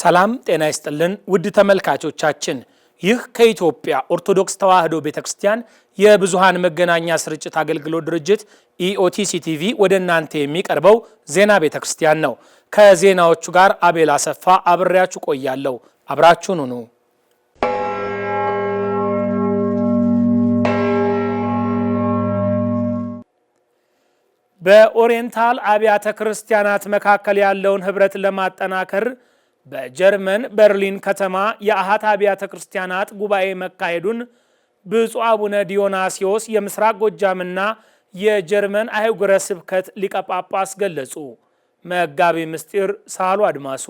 ሰላም ጤና ይስጥልን ውድ ተመልካቾቻችን፣ ይህ ከኢትዮጵያ ኦርቶዶክስ ተዋሕዶ ቤተ ክርስቲያን የብዙሃን መገናኛ ስርጭት አገልግሎት ድርጅት ኢኦቲሲ e ቲቪ ወደ እናንተ የሚቀርበው ዜና ቤተ ክርስቲያን ነው። ከዜናዎቹ ጋር አቤል አሰፋ አብሬያችሁ ቆያለሁ። አብራችሁን ኑ። በኦሪየንታል አብያተ ክርስቲያናት መካከል ያለውን ህብረት ለማጠናከር በጀርመን በርሊን ከተማ የአሃት አብያተ ክርስቲያናት ጉባኤ መካሄዱን ብፁዕ አቡነ ዲዮናሲዎስ የምስራቅ ጎጃምና የጀርመን አህጉረ ስብከት ሊቀ ጳጳስ ገለጹ። መጋቢ ምስጢር ሳህሉ አድማሱ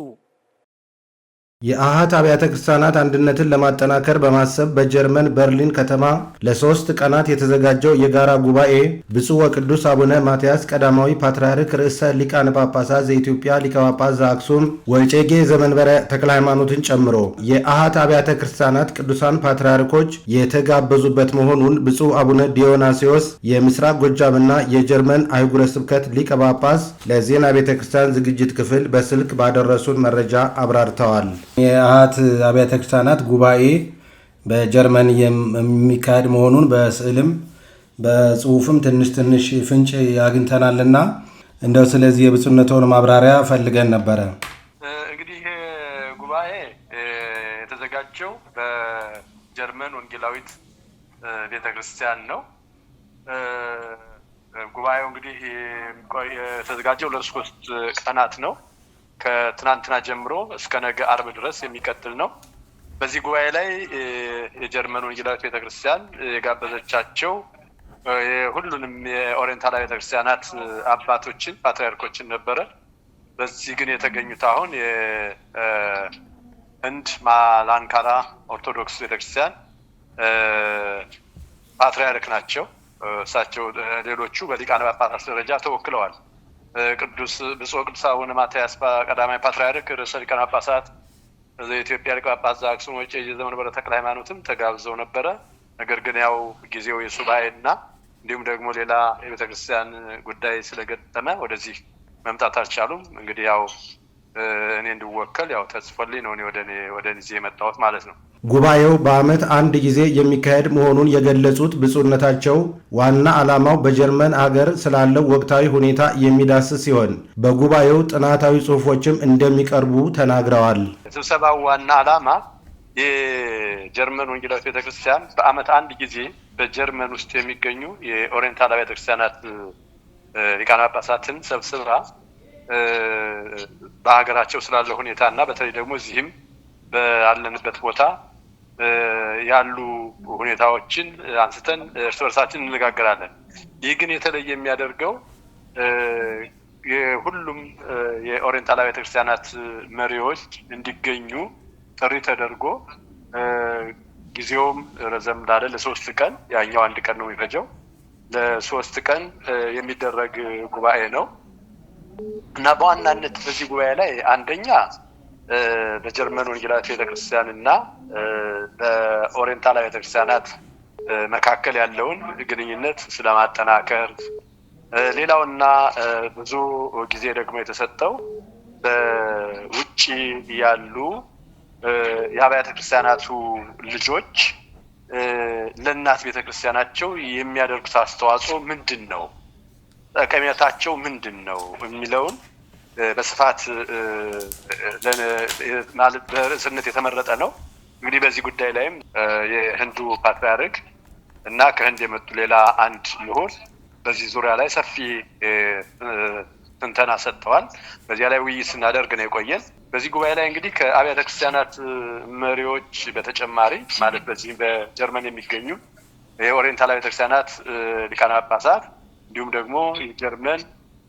የአሃት አብያተ ክርስቲያናት አንድነትን ለማጠናከር በማሰብ በጀርመን በርሊን ከተማ ለሶስት ቀናት የተዘጋጀው የጋራ ጉባኤ ብፁዕ ወቅዱስ አቡነ ማትያስ ቀዳማዊ ፓትርያርክ ርዕሰ ሊቃነ ጳጳሳት ዘኢትዮጵያ ሊቀ ጳጳስ ዘአክሱም ወእጨጌ ዘመንበረ ተክለ ሃይማኖትን ጨምሮ የአሃት አብያተ ክርስቲያናት ቅዱሳን ፓትርያርኮች የተጋበዙበት መሆኑን ብፁዕ አቡነ ዲዮናሲዎስ የምስራቅ ጎጃምና የጀርመን አህጉረ ስብከት ሊቀ ጳጳስ ለዜና ቤተ ክርስቲያን ዝግጅት ክፍል በስልክ ባደረሱን መረጃ አብራርተዋል። የአት አብያተ ክርስቲያናት ጉባኤ በጀርመን የሚካሄድ መሆኑን በስዕልም በጽሁፍም ትንሽ ትንሽ ፍንጭ አግኝተናልና እንደው ስለዚህ የብፁዕነትዎን ማብራሪያ ፈልገን ነበረ። እንግዲህ ጉባኤ የተዘጋጀው በጀርመን ወንጌላዊት ቤተክርስቲያን ነው። ጉባኤው እንግዲህ የተዘጋጀው ለሶስት ቀናት ነው። ከትናንትና ጀምሮ እስከ ነገ አርብ ድረስ የሚቀጥል ነው። በዚህ ጉባኤ ላይ የጀርመን ወንጌላዊት ቤተክርስቲያን የጋበዘቻቸው ሁሉንም የኦሪንታላዊ ቤተክርስቲያናት አባቶችን ፓትሪያርኮችን ነበረ። በዚህ ግን የተገኙት አሁን የህንድ ማላንካራ ኦርቶዶክስ ቤተክርስቲያን ፓትሪያርክ ናቸው። እሳቸው ሌሎቹ በሊቃነ ጳጳሳት ደረጃ ተወክለዋል። ቅዱስ ብፁዕ ቅዱስ አቡነ ማትያስ ቀዳማዊ ፓትርያርክ ርዕሰ ሊቃነ ጳጳሳት የኢትዮጵያ ሊቀ ጳጳስ ዘአክሱም ወዕጨጌ ዘመንበረ ተክለ ሃይማኖትም ተጋብዘው ነበረ። ነገር ግን ያው ጊዜው የሱባኤ እና እንዲሁም ደግሞ ሌላ የቤተክርስቲያን ጉዳይ ስለገጠመ ወደዚህ መምጣት አልቻሉም። እንግዲህ ያው እኔ እንድወከል ያው ተጽፎልኝ ነው ወደ እዚህ የመጣሁት ማለት ነው። ጉባኤው በዓመት አንድ ጊዜ የሚካሄድ መሆኑን የገለጹት ብፁዕነታቸው ዋና ዓላማው በጀርመን አገር ስላለው ወቅታዊ ሁኔታ የሚዳስስ ሲሆን በጉባኤው ጥናታዊ ጽሑፎችም እንደሚቀርቡ ተናግረዋል። ስብሰባው ዋና ዓላማ የጀርመን ወንጌላዊት ቤተክርስቲያን በዓመት አንድ ጊዜ በጀርመን ውስጥ የሚገኙ የኦሪየንታል ቤተክርስቲያናት ሊቃነ ጳጳሳትን ሰብስባ በሀገራቸው ስላለ ሁኔታ እና በተለይ ደግሞ እዚህም ባለንበት ቦታ ያሉ ሁኔታዎችን አንስተን እርስ በርሳችን እንነጋገራለን። ይህ ግን የተለየ የሚያደርገው የሁሉም የኦሪየንታላ ቤተክርስቲያናት መሪዎች እንዲገኙ ጥሪ ተደርጎ ጊዜውም ረዘም ላለ ለሶስት ቀን ያኛው አንድ ቀን ነው የሚፈጀው ለሶስት ቀን የሚደረግ ጉባኤ ነው። እና በዋናነት በዚህ ጉባኤ ላይ አንደኛ በጀርመን ወንጌላዊት ቤተክርስቲያን እና በኦሪየንታላዊ ቤተክርስቲያናት መካከል ያለውን ግንኙነት ስለማጠናከር፣ ሌላውና ብዙ ጊዜ ደግሞ የተሰጠው በውጭ ያሉ የአብያተ ክርስቲያናቱ ልጆች ለእናት ቤተክርስቲያናቸው የሚያደርጉት አስተዋጽኦ ምንድን ነው? ጠቀሜታቸው ምንድን ነው የሚለውን በስፋት በርዕስነት የተመረጠ ነው። እንግዲህ በዚህ ጉዳይ ላይም የህንዱ ፓትሪያርክ እና ከህንድ የመጡ ሌላ አንድ ምሁር በዚህ ዙሪያ ላይ ሰፊ ትንተና ሰጥተዋል። በዚያ ላይ ውይይት ስናደርግ ነው የቆየን። በዚህ ጉባኤ ላይ እንግዲህ ከአብያተ ክርስቲያናት መሪዎች በተጨማሪ ማለት በዚህ በጀርመን የሚገኙ የኦሪየንታል አብያተ ክርስቲያናት ሊቃነ ጳጳሳት እንዲሁም ደግሞ የጀርመን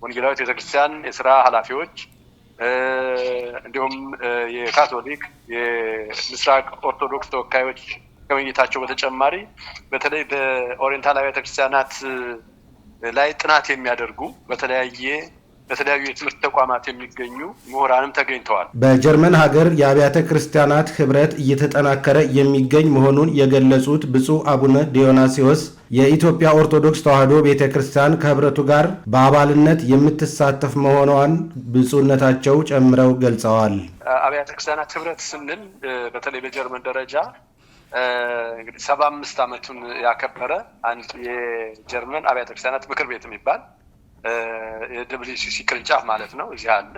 ወንጌላዊት ቤተክርስቲያን የስራ ኃላፊዎች እንዲሁም የካቶሊክ የምስራቅ ኦርቶዶክስ ተወካዮች ከመኝታቸው በተጨማሪ በተለይ በኦሪንታላዊ ቤተክርስቲያናት ላይ ጥናት የሚያደርጉ በተለያየ በተለያዩ የትምህርት ተቋማት የሚገኙ ምሁራንም ተገኝተዋል። በጀርመን ሀገር የአብያተ ክርስቲያናት ህብረት እየተጠናከረ የሚገኝ መሆኑን የገለጹት ብፁዕ አቡነ ዲዮናሲዎስ የኢትዮጵያ ኦርቶዶክስ ተዋሕዶ ቤተ ክርስቲያን ከህብረቱ ጋር በአባልነት የምትሳተፍ መሆኗን ብፁዕነታቸው ጨምረው ገልጸዋል። አብያተ ክርስቲያናት ህብረት ስንል በተለይ በጀርመን ደረጃ እንግዲህ ሰባ አምስት ዓመቱን ያከበረ አንድ የጀርመን አብያተ ክርስቲያናት ምክር ቤት የሚባል የደብሊው ቅርንጫፍ ማለት ነው። እዚህ አለ።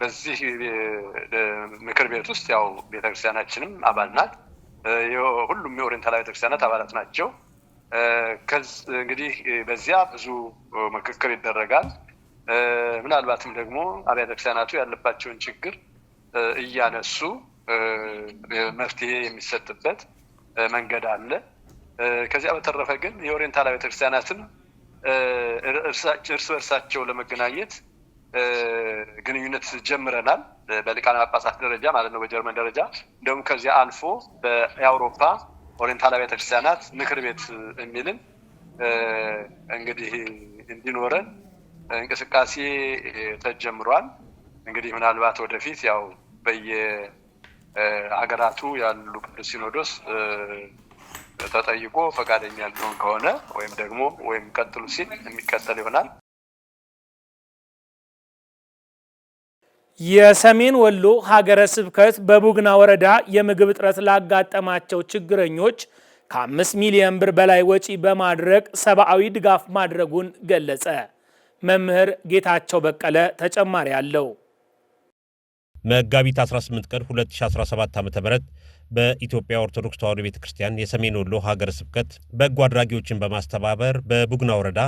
በዚህ ምክር ቤት ውስጥ ያው ቤተክርስቲያናችንም አባል ናት። ሁሉም የኦሪንታላ ቤተክርስቲያናት አባላት ናቸው። እንግዲህ በዚያ ብዙ ምክክር ይደረጋል። ምናልባትም ደግሞ አብያተ ክርስቲያናቱ ያለባቸውን ችግር እያነሱ መፍትሄ የሚሰጥበት መንገድ አለ። ከዚያ በተረፈ ግን የኦሪየንታል ቤተክርስቲያናትን እርስ በእርሳቸው ለመገናኘት ግንኙነት ጀምረናል። በሊቃነ ጳጳሳት ደረጃ ማለት ነው፣ በጀርመን ደረጃ እንደውም ከዚያ አልፎ የአውሮፓ ኦሪንታላ ቤተክርስቲያናት ክርስቲያናት ምክር ቤት የሚልን እንግዲህ እንዲኖረን እንቅስቃሴ ተጀምሯል። እንግዲህ ምናልባት ወደፊት ያው በየሀገራቱ ያሉ ቅዱስ ሲኖዶስ ተጠይቆ ፈቃደኛ ሊሆን ከሆነ ወይም ደግሞ ወይም ቀጥሉ ሲል የሚቀጥል ይሆናል። የሰሜን ወሎ ሀገረ ስብከት በቡግና ወረዳ የምግብ እጥረት ላጋጠማቸው ችግረኞች ከአምስት ሚሊዮን ብር በላይ ወጪ በማድረግ ሰብአዊ ድጋፍ ማድረጉን ገለጸ። መምህር ጌታቸው በቀለ ተጨማሪ አለው። መጋቢት 18 ቀን 2017 ዓ.ም በኢትዮጵያ ኦርቶዶክስ ተዋሕዶ ቤተ ክርስቲያን የሰሜን ወሎ ሀገረ ስብከት በጎ አድራጊዎችን በማስተባበር በቡግና ወረዳ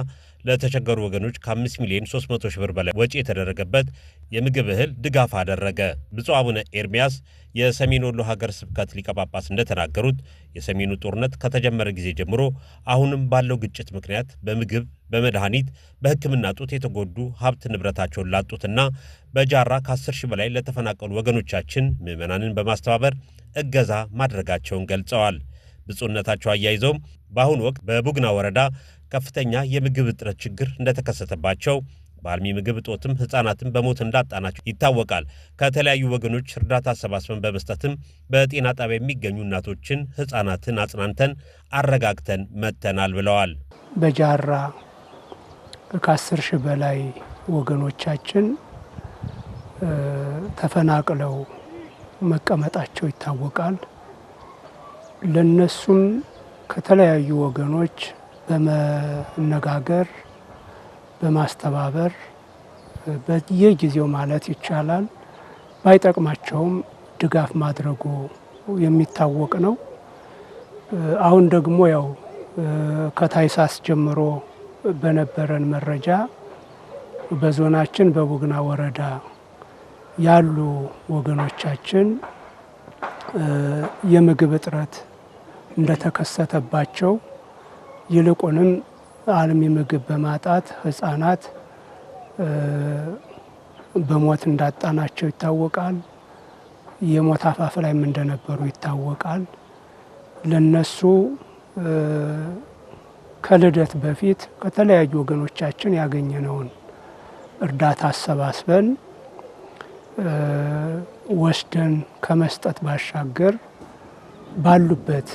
ለተቸገሩ ወገኖች ከ5 ሚሊዮን 300 ሺህ ብር በላይ ወጪ የተደረገበት የምግብ እህል ድጋፍ አደረገ። ብፁዕ አቡነ ኤርሚያስ የሰሜን ወሎ ሀገር ስብከት ሊቀጳጳስ ጳጳስ እንደተናገሩት የሰሜኑ ጦርነት ከተጀመረ ጊዜ ጀምሮ አሁንም ባለው ግጭት ምክንያት በምግብ በመድኃኒት በሕክምና ጡት የተጎዱ ሀብት ንብረታቸውን ላጡትና በጃራ ከ10 ሺህ በላይ ለተፈናቀሉ ወገኖቻችን ምዕመናንን በማስተባበር እገዛ ማድረጋቸውን ገልጸዋል። ብፁዕነታቸው አያይዘውም በአሁኑ ወቅት በቡግና ወረዳ ከፍተኛ የምግብ እጥረት ችግር እንደተከሰተባቸው በአልሚ ምግብ እጦትም ህጻናትን በሞት እንዳጣናቸው ይታወቃል። ከተለያዩ ወገኖች እርዳታ አሰባስበን በመስጠትም በጤና ጣቢያ የሚገኙ እናቶችን፣ ህጻናትን አጽናንተን አረጋግተን መጥተናል ብለዋል። በጃራ ከአስር ሺህ በላይ ወገኖቻችን ተፈናቅለው መቀመጣቸው ይታወቃል። ለነሱም ከተለያዩ ወገኖች በመነጋገር በማስተባበር በየጊዜው ማለት ይቻላል ባይጠቅማቸውም ድጋፍ ማድረጉ የሚታወቅ ነው። አሁን ደግሞ ያው ከታይሳስ ጀምሮ በነበረን መረጃ በዞናችን በቡግና ወረዳ ያሉ ወገኖቻችን የምግብ እጥረት እንደተከሰተባቸው ይልቁንም አልሚ ምግብ በማጣት ህጻናት በሞት እንዳጣናቸው ይታወቃል። የሞት አፋፍ ላይም እንደነበሩ ይታወቃል። ለነሱ ከልደት በፊት ከተለያዩ ወገኖቻችን ያገኘነውን እርዳታ አሰባስበን ወስደን ከመስጠት ባሻገር ባሉበት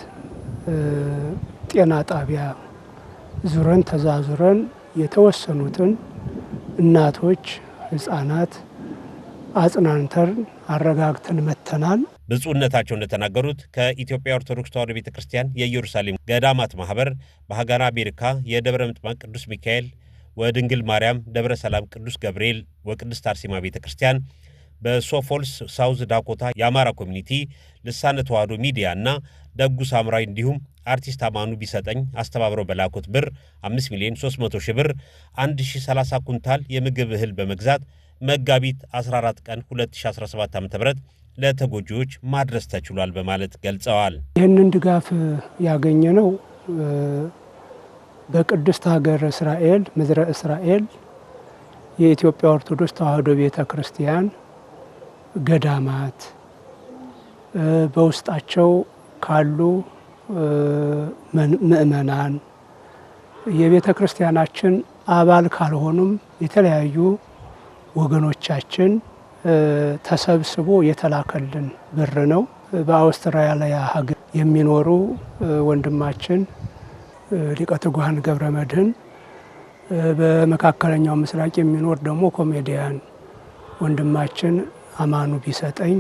ጤና ጣቢያ ዙረን ተዛዙረን የተወሰኑትን እናቶች፣ ህጻናት አጽናንተን አረጋግተን መተናል። ብፁዕነታቸው እንደተናገሩት ከኢትዮጵያ ኦርቶዶክስ ተዋሕዶ ቤተ ክርስቲያን የኢየሩሳሌም ገዳማት ማህበር በሀገራ አሜሪካ የደብረ ምጥማቅ ቅዱስ ሚካኤል ወድንግል ማርያም ደብረ ሰላም ቅዱስ ገብርኤል ወቅድስት አርሴማ ቤተ ክርስቲያን በሶፎልስ ሳውዝ ዳኮታ የአማራ ኮሚኒቲ ልሳነ ተዋሕዶ ሚዲያ እና ደጉ ሳምራዊ እንዲሁም አርቲስት አማኑ ቢሰጠኝ አስተባብረው በላኩት ብር 5 ሚሊዮን 300 ሺህ ብር 1030 ኩንታል የምግብ እህል በመግዛት መጋቢት 14 ቀን 2017 ዓ ም ለተጎጂዎች ማድረስ ተችሏል በማለት ገልጸዋል። ይህንን ድጋፍ ያገኘ ነው በቅድስት ሀገር እስራኤል ምድረ እስራኤል የኢትዮጵያ ኦርቶዶክስ ተዋህዶ ቤተ ክርስቲያን ገዳማት በውስጣቸው ካሉ ምእመናን የቤተ ክርስቲያናችን አባል ካልሆኑም የተለያዩ ወገኖቻችን ተሰብስቦ የተላከልን ብር ነው። በአውስትራሊያ ሀገር የሚኖሩ ወንድማችን ሊቀ ትጉሃን ገብረ መድህን፣ በመካከለኛው ምስራቅ የሚኖር ደግሞ ኮሜዲያን ወንድማችን አማኑ ቢሰጠኝ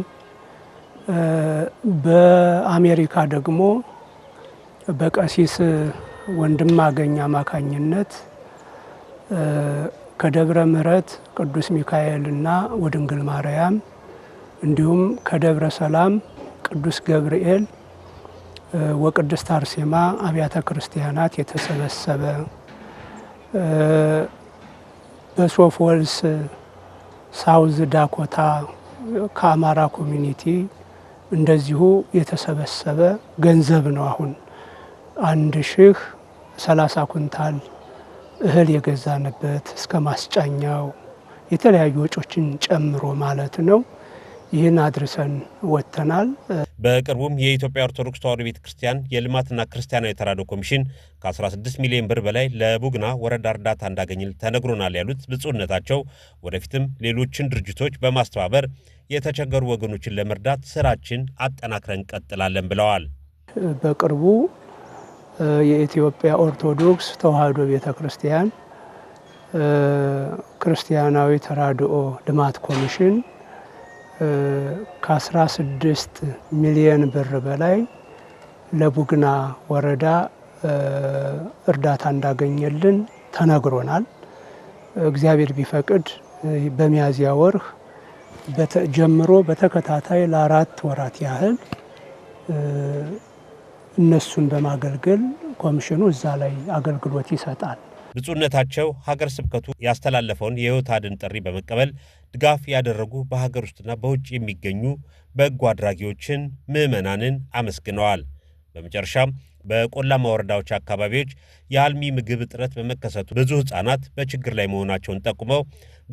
በአሜሪካ ደግሞ በቀሲስ ወንድም አገኝ አማካኝነት ከደብረ ምሕረት ቅዱስ ሚካኤልና ወድንግል ማርያም እንዲሁም ከደብረ ሰላም ቅዱስ ገብርኤል ወቅድስት አርሴማ አብያተ ክርስቲያናት የተሰበሰበ በሶፎልስ ሳውዝ ዳኮታ ከአማራ ኮሚኒቲ እንደዚሁ የተሰበሰበ ገንዘብ ነው። አሁን አንድ ሺህ ሰላሳ ኩንታል እህል የገዛንበት እስከ ማስጫኛው የተለያዩ ወጮችን ጨምሮ ማለት ነው። ይህን አድርሰን ወጥተናል። በቅርቡም የኢትዮጵያ ኦርቶዶክስ ተዋሕዶ ቤተ ክርስቲያን የልማትና ክርስቲያናዊ ተራድኦ ኮሚሽን ከ16 ሚሊዮን ብር በላይ ለቡግና ወረዳ እርዳታ እንዳገኝል ተነግሮናል ያሉት ብፁዕነታቸው ወደፊትም ሌሎችን ድርጅቶች በማስተባበር የተቸገሩ ወገኖችን ለመርዳት ስራችን አጠናክረን እንቀጥላለን ብለዋል። በቅርቡ የኢትዮጵያ ኦርቶዶክስ ተዋሕዶ ቤተ ክርስቲያን ክርስቲያናዊ ተራድኦ ልማት ኮሚሽን ከ16 ሚሊየን ብር በላይ ለቡግና ወረዳ እርዳታ እንዳገኘልን ተነግሮናል። እግዚአብሔር ቢፈቅድ በሚያዝያ ወርህ ጀምሮ በተከታታይ ለአራት ወራት ያህል እነሱን በማገልገል ኮሚሽኑ እዛ ላይ አገልግሎት ይሰጣል። ብፁዕነታቸው ሀገር ስብከቱ ያስተላለፈውን የሕይወት አድን ጥሪ በመቀበል ድጋፍ ያደረጉ በሀገር ውስጥና በውጭ የሚገኙ በጎ አድራጊዎችን፣ ምዕመናንን አመስግነዋል። በመጨረሻም በቆላማ ወረዳዎች አካባቢዎች የአልሚ ምግብ እጥረት በመከሰቱ ብዙ ሕፃናት በችግር ላይ መሆናቸውን ጠቁመው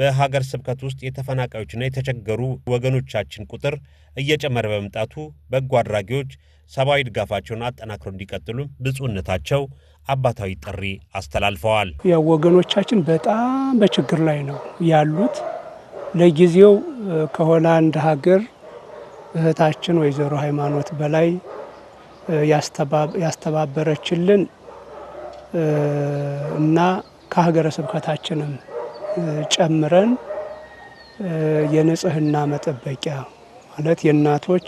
በሀገር ስብከት ውስጥ የተፈናቃዮችና የተቸገሩ ወገኖቻችን ቁጥር እየጨመረ በመምጣቱ በጎ አድራጊዎች ሰብአዊ ድጋፋቸውን አጠናክረው እንዲቀጥሉ ብፁዕነታቸው አባታዊ ጥሪ አስተላልፈዋል። ያው ወገኖቻችን በጣም በችግር ላይ ነው ያሉት። ለጊዜው ከሆላንድ ሀገር እህታችን ወይዘሮ ሃይማኖት በላይ ያስተባበረችልን እና ከሀገረ ስብከታችንም ጨምረን የንጽህና መጠበቂያ ማለት የእናቶች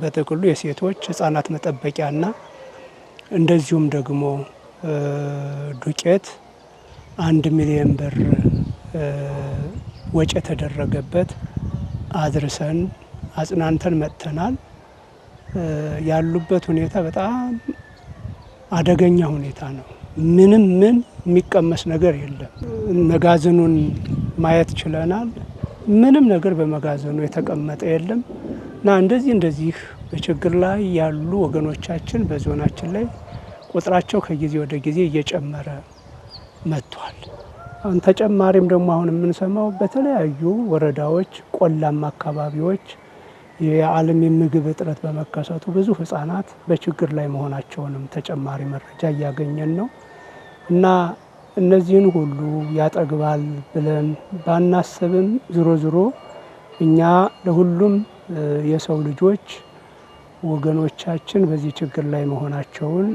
በጥቅሉ የሴቶች ህጻናት መጠበቂያና እንደዚሁም ደግሞ ዱቄት አንድ ሚሊዮን ብር ወጪ የተደረገበት አድርሰን አጽናንተን መጥተናል። ያሉበት ሁኔታ በጣም አደገኛ ሁኔታ ነው። ምንም ምን የሚቀመስ ነገር የለም። መጋዘኑን ማየት ችለናል። ምንም ነገር በመጋዘኑ የተቀመጠ የለም እና እንደዚህ እንደዚህ በችግር ላይ ያሉ ወገኖቻችን በዞናችን ላይ ቁጥራቸው ከጊዜ ወደ ጊዜ እየጨመረ መጥቷል። አሁን ተጨማሪም ደግሞ አሁን የምንሰማው በተለያዩ ወረዳዎች ቆላማ አካባቢዎች የዓለም የምግብ እጥረት በመከሰቱ ብዙ ህጻናት በችግር ላይ መሆናቸውንም ተጨማሪ መረጃ እያገኘን ነው እና እነዚህን ሁሉ ያጠግባል ብለን ባናስብም ዝሮ ዝሮ እኛ ለሁሉም የሰው ልጆች ወገኖቻችን በዚህ ችግር ላይ መሆናቸውን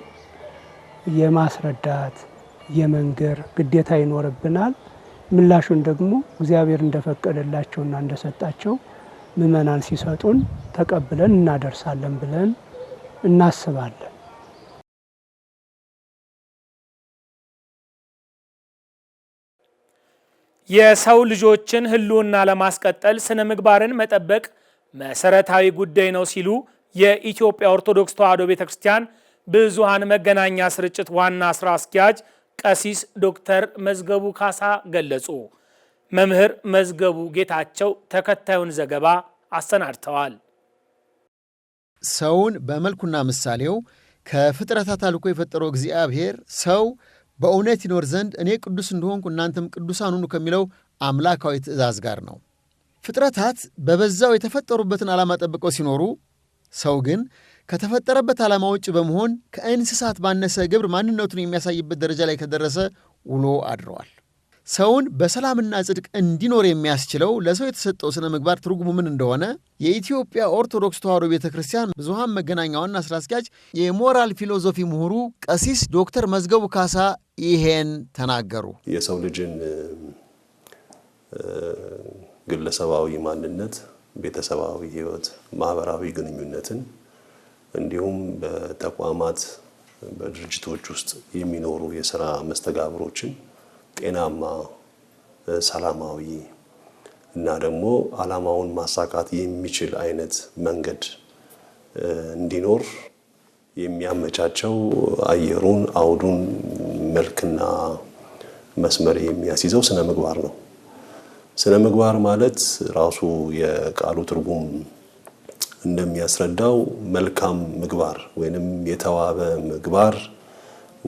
የማስረዳት የመንገር ግዴታ ይኖርብናል። ምላሹን ደግሞ እግዚአብሔር እንደፈቀደላቸውና እንደሰጣቸው ምእመናን ሲሰጡን ተቀብለን እናደርሳለን ብለን እናስባለን። የሰው ልጆችን ሕልውና ለማስቀጠል ስነ ምግባርን መጠበቅ መሰረታዊ ጉዳይ ነው ሲሉ የኢትዮጵያ ኦርቶዶክስ ተዋሕዶ ቤተ ክርስቲያን መገናኛ ስርጭት ዋና ስራ አስኪያጅ ቀሲስ ዶክተር መዝገቡ ካሳ ገለጹ። መምህር መዝገቡ ጌታቸው ተከታዩን ዘገባ አሰናድተዋል። ሰውን በመልኩና ምሳሌው ከፍጥረታት አልቆ የፈጠረው እግዚአብሔር ሰው በእውነት ይኖር ዘንድ እኔ ቅዱስ እንደሆንኩ እናንተም ቅዱሳን ሁኑ ከሚለው አምላካዊ ትእዛዝ ጋር ነው። ፍጥረታት በበዛው የተፈጠሩበትን ዓላማ ጠብቀው ሲኖሩ ሰው ግን ከተፈጠረበት ዓላማ ውጭ በመሆን ከእንስሳት ባነሰ ግብር ማንነቱን የሚያሳይበት ደረጃ ላይ ከደረሰ ውሎ አድረዋል። ሰውን በሰላምና ጽድቅ እንዲኖር የሚያስችለው ለሰው የተሰጠው ሥነ ምግባር ትርጉሙ ምን እንደሆነ የኢትዮጵያ ኦርቶዶክስ ተዋሕዶ ቤተ ክርስቲያን ብዙሃን መገናኛ ዋና ሥራ አስኪያጅ የሞራል ፊሎዞፊ ምሁሩ ቀሲስ ዶክተር መዝገቡ ካሳ ይሄን ተናገሩ። የሰው ልጅን ግለሰባዊ ማንነት ቤተሰባዊ ህይወት፣ ማህበራዊ ግንኙነትን እንዲሁም በተቋማት በድርጅቶች ውስጥ የሚኖሩ የስራ መስተጋብሮችን ጤናማ፣ ሰላማዊ እና ደግሞ አላማውን ማሳካት የሚችል አይነት መንገድ እንዲኖር የሚያመቻቸው አየሩን፣ አውዱን፣ መልክና መስመር የሚያስይዘው ስነ ምግባር ነው። ስነ ምግባር ማለት ራሱ የቃሉ ትርጉም እንደሚያስረዳው መልካም ምግባር ወይንም የተዋበ ምግባር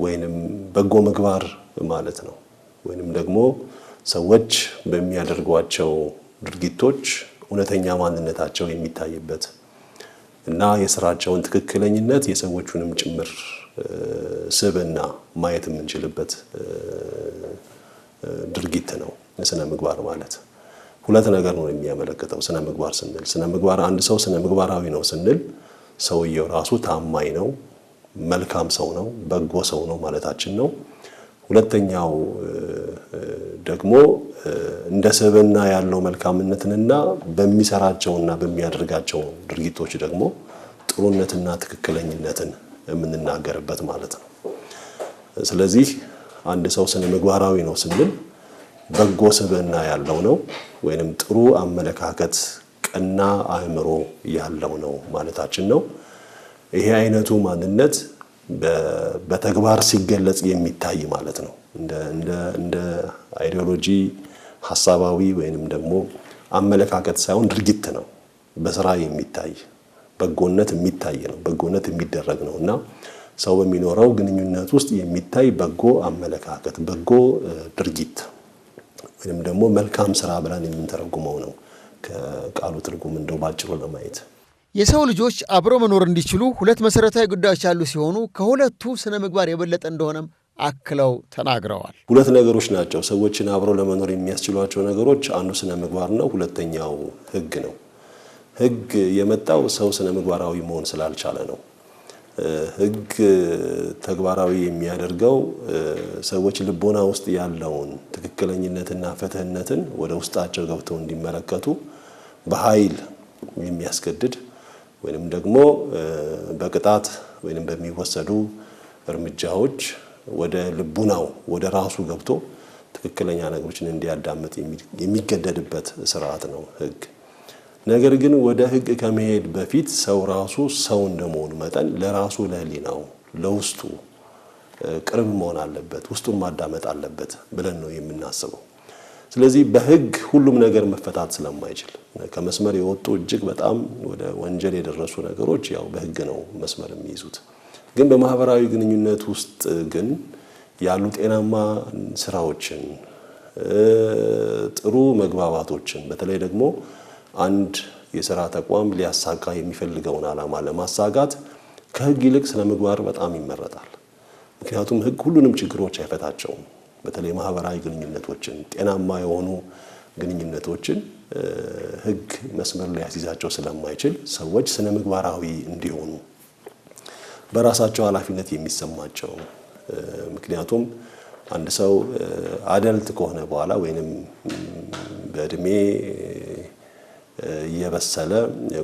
ወይንም በጎ ምግባር ማለት ነው። ወይንም ደግሞ ሰዎች በሚያደርጓቸው ድርጊቶች እውነተኛ ማንነታቸው የሚታይበት እና የስራቸውን ትክክለኝነት የሰዎቹንም ጭምር ስብና ማየት የምንችልበት ድርጊት ነው ስነ ምግባር ማለት። ሁለት ነገር ነው የሚያመለክተው ስነ ምግባር ስንል ስነ ምግባር አንድ ሰው ስነ ምግባራዊ ነው ስንል ሰውየው ራሱ ታማኝ ነው፣ መልካም ሰው ነው፣ በጎ ሰው ነው ማለታችን ነው። ሁለተኛው ደግሞ እንደ ስብዕና ያለው መልካምነትንና በሚሰራቸውና በሚያደርጋቸው ድርጊቶች ደግሞ ጥሩነትና ትክክለኝነትን የምንናገርበት ማለት ነው። ስለዚህ አንድ ሰው ስነ ምግባራዊ ነው ስንል በጎ ስብዕና ያለው ነው ወይንም ጥሩ አመለካከት፣ ቀና አእምሮ ያለው ነው ማለታችን ነው። ይሄ አይነቱ ማንነት በተግባር ሲገለጽ የሚታይ ማለት ነው። እንደ አይዲዮሎጂ ሀሳባዊ ወይንም ደግሞ አመለካከት ሳይሆን ድርጊት ነው። በስራ የሚታይ በጎነት የሚታይ ነው። በጎነት የሚደረግ ነው እና ሰው በሚኖረው ግንኙነት ውስጥ የሚታይ በጎ አመለካከት፣ በጎ ድርጊት ወይም ደግሞ መልካም ስራ ብለን የምንተረጉመው ነው። ከቃሉ ትርጉም እንደው ባጭሩ ለማየት የሰው ልጆች አብሮ መኖር እንዲችሉ ሁለት መሰረታዊ ጉዳዮች ያሉ ሲሆኑ ከሁለቱ ስነ ምግባር የበለጠ እንደሆነም አክለው ተናግረዋል። ሁለት ነገሮች ናቸው ሰዎችን አብሮ ለመኖር የሚያስችሏቸው ነገሮች፣ አንዱ ስነ ምግባር ነው፣ ሁለተኛው ህግ ነው። ህግ የመጣው ሰው ስነ ምግባራዊ መሆን ስላልቻለ ነው። ህግ ተግባራዊ የሚያደርገው ሰዎች ልቦና ውስጥ ያለውን ትክክለኝነትና ፍትህነትን ወደ ውስጣቸው ገብተው እንዲመለከቱ በኃይል የሚያስገድድ ወይም ደግሞ በቅጣት ወይንም በሚወሰዱ እርምጃዎች ወደ ልቡናው ወደ ራሱ ገብቶ ትክክለኛ ነገሮችን እንዲያዳምጥ የሚገደድበት ስርዓት ነው ህግ። ነገር ግን ወደ ህግ ከመሄድ በፊት ሰው ራሱ ሰው እንደመሆኑ መጠን ለራሱ ለህሊናው ለውስጡ ቅርብ መሆን አለበት፣ ውስጡን ማዳመጥ አለበት ብለን ነው የምናስበው። ስለዚህ በህግ ሁሉም ነገር መፈታት ስለማይችል ከመስመር የወጡ እጅግ በጣም ወደ ወንጀል የደረሱ ነገሮች ያው በህግ ነው መስመር የሚይዙት። ግን በማህበራዊ ግንኙነት ውስጥ ግን ያሉ ጤናማ ስራዎችን ጥሩ መግባባቶችን በተለይ ደግሞ አንድ የስራ ተቋም ሊያሳካ የሚፈልገውን ዓላማ ለማሳጋት ከህግ ይልቅ ስነ ምግባር በጣም ይመረጣል። ምክንያቱም ህግ ሁሉንም ችግሮች አይፈታቸውም። በተለይ ማህበራዊ ግንኙነቶችን፣ ጤናማ የሆኑ ግንኙነቶችን ህግ መስመር ሊያስይዛቸው ስለማይችል ሰዎች ስነ ምግባራዊ እንዲሆኑ በራሳቸው ኃላፊነት የሚሰማቸው ምክንያቱም አንድ ሰው አደልት ከሆነ በኋላ ወይንም በእድሜ የበሰለ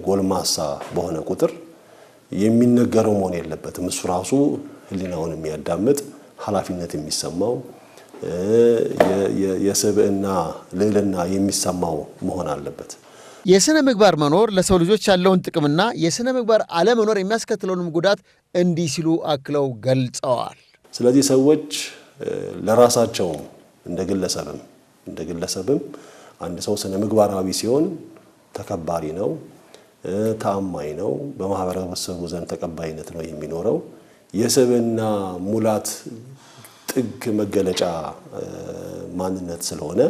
ጎልማሳ በሆነ ቁጥር የሚነገረው መሆን የለበትም። እሱ ራሱ ህሊናውን የሚያዳምጥ ኃላፊነት የሚሰማው የስብዕና ልዕልና የሚሰማው መሆን አለበት። የሥነ ምግባር መኖር ለሰው ልጆች ያለውን ጥቅምና የሥነ ምግባር አለመኖር የሚያስከትለውንም ጉዳት እንዲህ ሲሉ አክለው ገልጸዋል። ስለዚህ ሰዎች ለራሳቸውም እንደ ግለሰብም እንደ ግለሰብም አንድ ሰው ስነ ምግባራዊ ሲሆን ተከባሪ ነው፣ ታማኝ ነው፣ በማህበረሰቡ ዘንድ ተቀባይነት ነው የሚኖረው። የስብና ሙላት ጥግ መገለጫ ማንነት ስለሆነ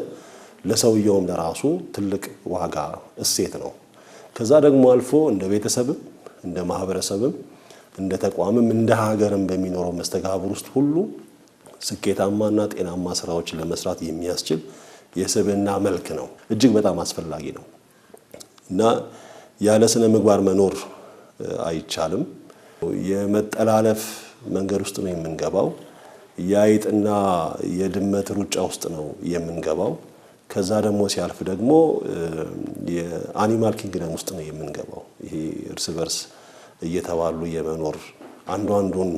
ለሰውየውም ለራሱ ትልቅ ዋጋ እሴት ነው። ከዛ ደግሞ አልፎ እንደ ቤተሰብም እንደ ማህበረሰብም እንደ ተቋምም እንደ ሀገርም በሚኖረው መስተጋብር ውስጥ ሁሉ ስኬታማና ጤናማ ስራዎችን ለመስራት የሚያስችል የስብና መልክ ነው። እጅግ በጣም አስፈላጊ ነው። እና ያለ ስነ ምግባር መኖር አይቻልም። የመጠላለፍ መንገድ ውስጥ ነው የምንገባው። የአይጥና የድመት ሩጫ ውስጥ ነው የምንገባው። ከዛ ደግሞ ሲያልፍ ደግሞ የአኒማል ኪንግደም ውስጥ ነው የምንገባው። ይሄ እርስ በርስ እየተባሉ የመኖር አንዱ አንዱን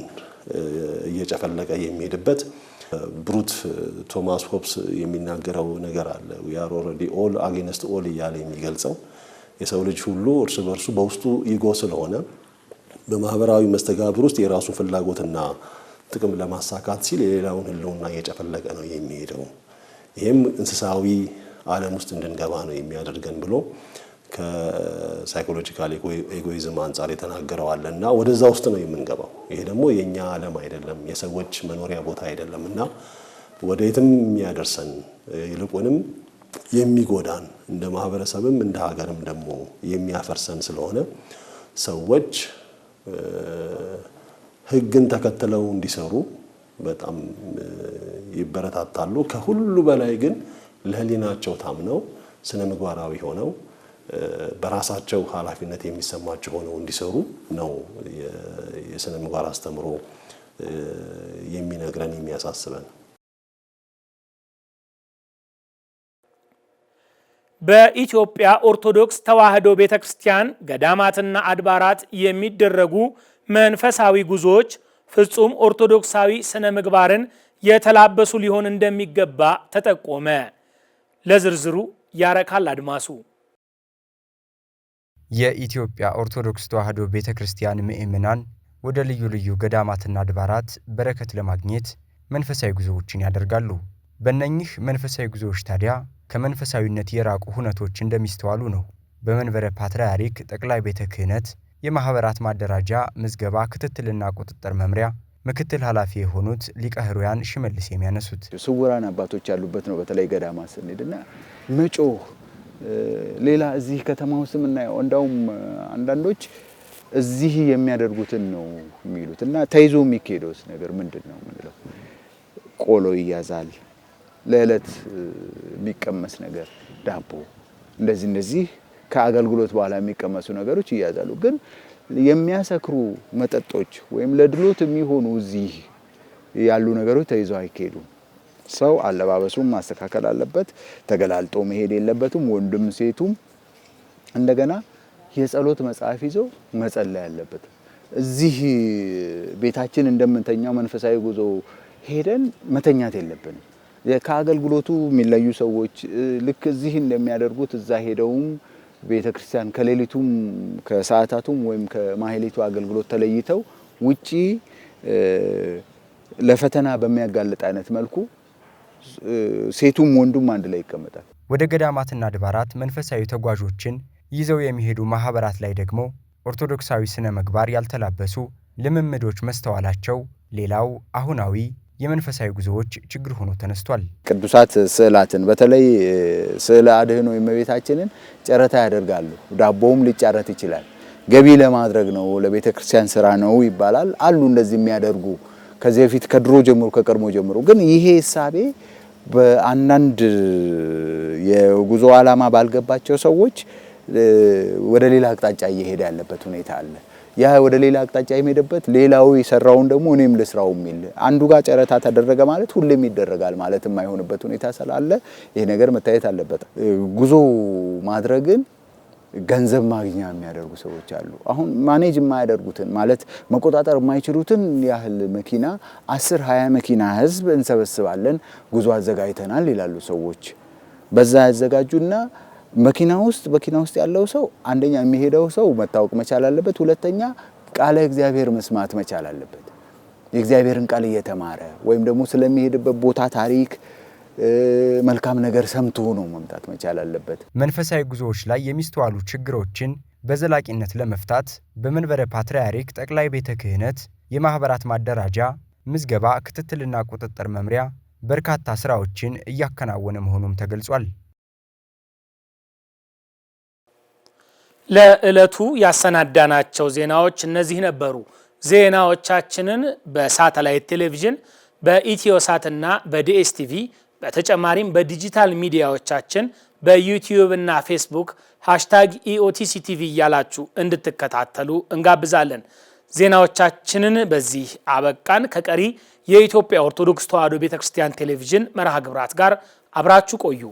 እየጨፈለቀ የሚሄድበት ብሩት ቶማስ ሆብስ የሚናገረው ነገር አለ ዊ አር ኦልሬዲ ኦል አጌንስት ኦል እያለ የሚገልጸው የሰው ልጅ ሁሉ እርስ በርሱ በውስጡ ኢጎ ስለሆነ በማህበራዊ መስተጋብር ውስጥ የራሱን ፍላጎትና ጥቅም ለማሳካት ሲል የሌላውን ህልውና እየጨፈለቀ ነው የሚሄደው። ይህም እንስሳዊ ዓለም ውስጥ እንድንገባ ነው የሚያደርገን ብሎ ከሳይኮሎጂካል ኤጎይዝም አንጻር አለ እና ወደዛ ውስጥ ነው የምንገባው። ይሄ ደግሞ የእኛ ዓለም አይደለም፣ የሰዎች መኖሪያ ቦታ አይደለም እና ወደ የትም የሚያደርሰን ይልቁንም የሚጎዳን እንደ ማህበረሰብም እንደ ሀገርም ደግሞ የሚያፈርሰን ስለሆነ ሰዎች ህግን ተከትለው እንዲሰሩ በጣም ይበረታታሉ። ከሁሉ በላይ ግን ለህሊናቸው ታምነው ስነ ምግባራዊ ሆነው በራሳቸው ኃላፊነት የሚሰማቸው ሆነው እንዲሰሩ ነው የስነ ምግባር አስተምሮ የሚነግረን የሚያሳስበን። በኢትዮጵያ ኦርቶዶክስ ተዋሕዶ ቤተ ክርስቲያን ገዳማትና አድባራት የሚደረጉ መንፈሳዊ ጉዞዎች ፍጹም ኦርቶዶክሳዊ ስነ ምግባርን የተላበሱ ሊሆን እንደሚገባ ተጠቆመ። ለዝርዝሩ ያረካል አድማሱ። የኢትዮጵያ ኦርቶዶክስ ተዋሕዶ ቤተ ክርስቲያን ምእምናን ወደ ልዩ ልዩ ገዳማትና አድባራት በረከት ለማግኘት መንፈሳዊ ጉዞዎችን ያደርጋሉ። በእነኚህ መንፈሳዊ ጉዞዎች ታዲያ ከመንፈሳዊነት የራቁ ሁነቶች እንደሚስተዋሉ ነው በመንበረ ፓትርያርክ ጠቅላይ ቤተ ክህነት የማኅበራት ማደራጃ ምዝገባ ክትትልና ቁጥጥር መምሪያ ምክትል ኃላፊ የሆኑት ሊቀ ሽመልስ የሚያነሱት። ስውራን አባቶች ያሉበት ነው። በተለይ ገዳማ ስንሄድና መጮህ ሌላ እዚህ ከተማ ውስጥ የምናየው እንዳውም አንዳንዶች እዚህ የሚያደርጉትን ነው የሚሉት እና ተይዞ የሚካሄደውስ ነገር ምንድን ነው ምንለው? ቆሎ ይያዛል ለዕለት የሚቀመስ ነገር ዳቦ፣ እንደዚህ እንደዚህ ከአገልግሎት በኋላ የሚቀመሱ ነገሮች ይያዛሉ። ግን የሚያሰክሩ መጠጦች ወይም ለድሎት የሚሆኑ እዚህ ያሉ ነገሮች ተይዘው አይካሄዱም። ሰው አለባበሱም ማስተካከል አለበት። ተገላልጦ መሄድ የለበትም። ወንድም ሴቱም እንደገና የጸሎት መጽሐፍ ይዞ መጸለይ አለበት። እዚህ ቤታችን እንደምንተኛው መንፈሳዊ ጉዞ ሄደን መተኛት የለብንም። ከአገልግሎቱ የሚለዩ ሰዎች ልክ እዚህ እንደሚያደርጉት እዛ ሄደውም ቤተ ክርስቲያን ከሌሊቱም ከሰዓታቱም ወይም ከማህሌቱ አገልግሎት ተለይተው ውጪ ለፈተና በሚያጋልጥ አይነት መልኩ ሴቱም ወንዱም አንድ ላይ ይቀመጣል። ወደ ገዳማትና አድባራት መንፈሳዊ ተጓዦችን ይዘው የሚሄዱ ማህበራት ላይ ደግሞ ኦርቶዶክሳዊ ስነ ምግባር ያልተላበሱ ልምምዶች መስተዋላቸው ሌላው አሁናዊ የመንፈሳዊ ጉዞዎች ችግር ሆኖ ተነስቷል። ቅዱሳት ስዕላትን በተለይ ስዕለ አድኅኖ የእመቤታችንን ጨረታ ያደርጋሉ። ዳቦውም ሊጫረት ይችላል። ገቢ ለማድረግ ነው፣ ለቤተ ክርስቲያን ስራ ነው ይባላል። አሉ እንደዚህ የሚያደርጉ ከዚህ በፊት ከድሮ ጀምሮ ከቀድሞ ጀምሮ ግን ይሄ እሳቤ በአንዳንድ የጉዞ ዓላማ ባልገባቸው ሰዎች ወደ ሌላ አቅጣጫ እየሄደ ያለበት ሁኔታ አለ። ያ ወደ ሌላ አቅጣጫ የሚሄደበት ሌላው የሰራውን ደግሞ እኔም ልስራው የሚል አንዱ ጋር ጨረታ ተደረገ ማለት ሁሌም ይደረጋል ማለት የማይሆንበት ሁኔታ ስላለ ይሄ ነገር መታየት አለበት። ጉዞ ማድረግን ገንዘብ ማግኛ የሚያደርጉ ሰዎች አሉ። አሁን ማኔጅ የማያደርጉትን ማለት መቆጣጠር የማይችሉትን ያህል መኪና አስር ሀያ መኪና ህዝብ እንሰበስባለን፣ ጉዞ አዘጋጅተናል ይላሉ ሰዎች በዛ ያዘጋጁና መኪና ውስጥ መኪና ውስጥ ያለው ሰው አንደኛ የሚሄደው ሰው መታወቅ መቻል አለበት። ሁለተኛ ቃለ እግዚአብሔር መስማት መቻል አለበት። የእግዚአብሔርን ቃል እየተማረ ወይም ደግሞ ስለሚሄድበት ቦታ ታሪክ መልካም ነገር ሰምቶ ነው መምጣት መቻል አለበት። መንፈሳዊ ጉዞዎች ላይ የሚስተዋሉ ችግሮችን በዘላቂነት ለመፍታት በመንበረ ፓትርያርክ ጠቅላይ ቤተ ክህነት የማኅበራት ማደራጃ ምዝገባ ክትትልና ቁጥጥር መምሪያ በርካታ ሥራዎችን እያከናወነ መሆኑም ተገልጿል። ለዕለቱ ያሰናዳናቸው ዜናዎች እነዚህ ነበሩ። ዜናዎቻችንን በሳተላይት ቴሌቪዥን በኢትዮሳትና በዲኤስቲቪ በተጨማሪም በዲጂታል ሚዲያዎቻችን በዩቲዩብ እና ፌስቡክ ሃሽታግ ኢኦቲሲ ቲቪ እያላችሁ እንድትከታተሉ እንጋብዛለን። ዜናዎቻችንን በዚህ አበቃን። ከቀሪ የኢትዮጵያ ኦርቶዶክስ ተዋሕዶ ቤተክርስቲያን ቴሌቪዥን መርሃ ግብራት ጋር አብራችሁ ቆዩ።